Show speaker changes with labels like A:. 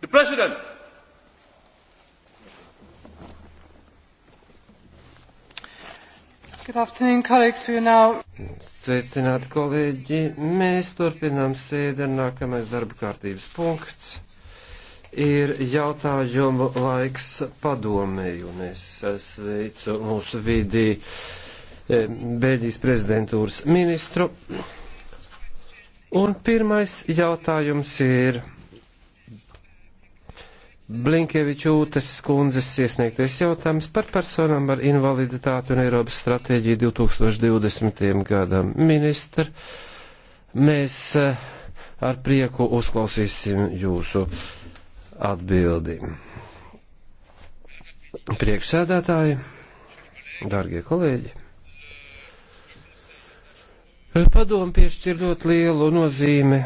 A: The President.
B: Good afternoon, colleagues. We are now. Sveicināti, kolēģi. Mēs turpinām sēdi. Nākamais darba kārtības punkts ir jautājumu laiks padomēju, un es sveicu mūsu vidī eh, Bēļģijas prezidentūras ministru. Un pirmais jautājums ir Blinkevičūtes kundzes iesniegtais jautājums par personām ar invaliditāti un Eiropas stratēģiju 2020. gadam. Ministra, mēs eh, ar prieku uzklausīsim jūsu atbildi. Priekšsēdētāji, dārgie kolēģi, padomu piešķir ļoti lielu nozīmi